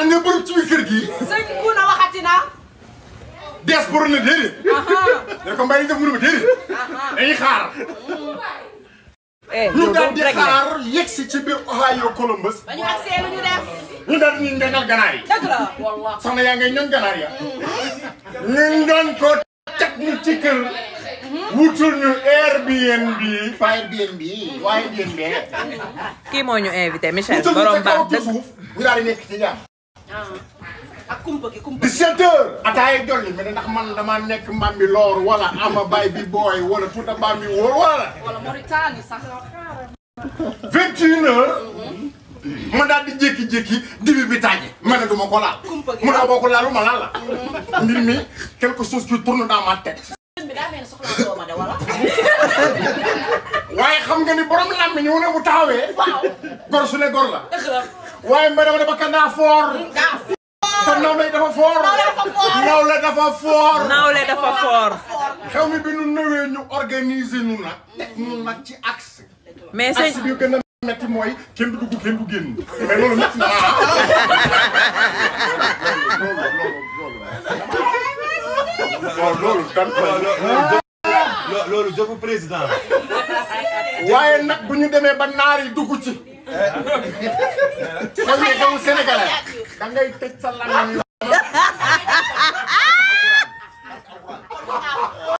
xanaa nga bëri ci biir kër gi. sëñ Kuna waxati na. dees boru na déedéet. ne ko mbay def mu ne ma déedéet. dañuy xaar. Eh, ñu daal di xaar yegsi ci biir Ohio Columbus. ba ñu ak seen ñu def. ñu daal di ñu ndengal ganaar yi. dëgg la wallaahi. soxna yaa ngay ñoŋ ganaar ya. ñu doon ko teg ñu ci kër. Mhm. wutul ñu Airbnb. Airbnb waaye Airbnb. kii moo ñu invité Michel borom baax dëgg. ñu daal di nekk ci jàmm. ak ah. kumpa ki kumpa 17 heures. ataaya jolli mais ndax man damaa nekk Mbambi Loor wala ama bay bi booy wala Fouta Mbambi wóor wala. wala Mauritanie mm-hmm. ma daal di jékki-jékki dibi bi tàjji ma ne du ma ko laal. kumpa gi mu ne laal la. Mm-hmm. mbir mi quelque chose qui tourne dans ma tête. waaye xam nga ni borom làmmiñ wu ne bu taxawee. gor su ne gor la. waaye mbay dama ne bakkan daa foor. daa foor te nawle dafa foor. nawle dafa foor nawle dafa foor. xew mi bi Não nëwee ñu organiser nu nag. teg ñu nag ci axe. axe bi gën a metti mooy kenn du dugg kenn du não. mais loolu metti na loolu loolu loolu jëfu président. da ngay tëj sa lan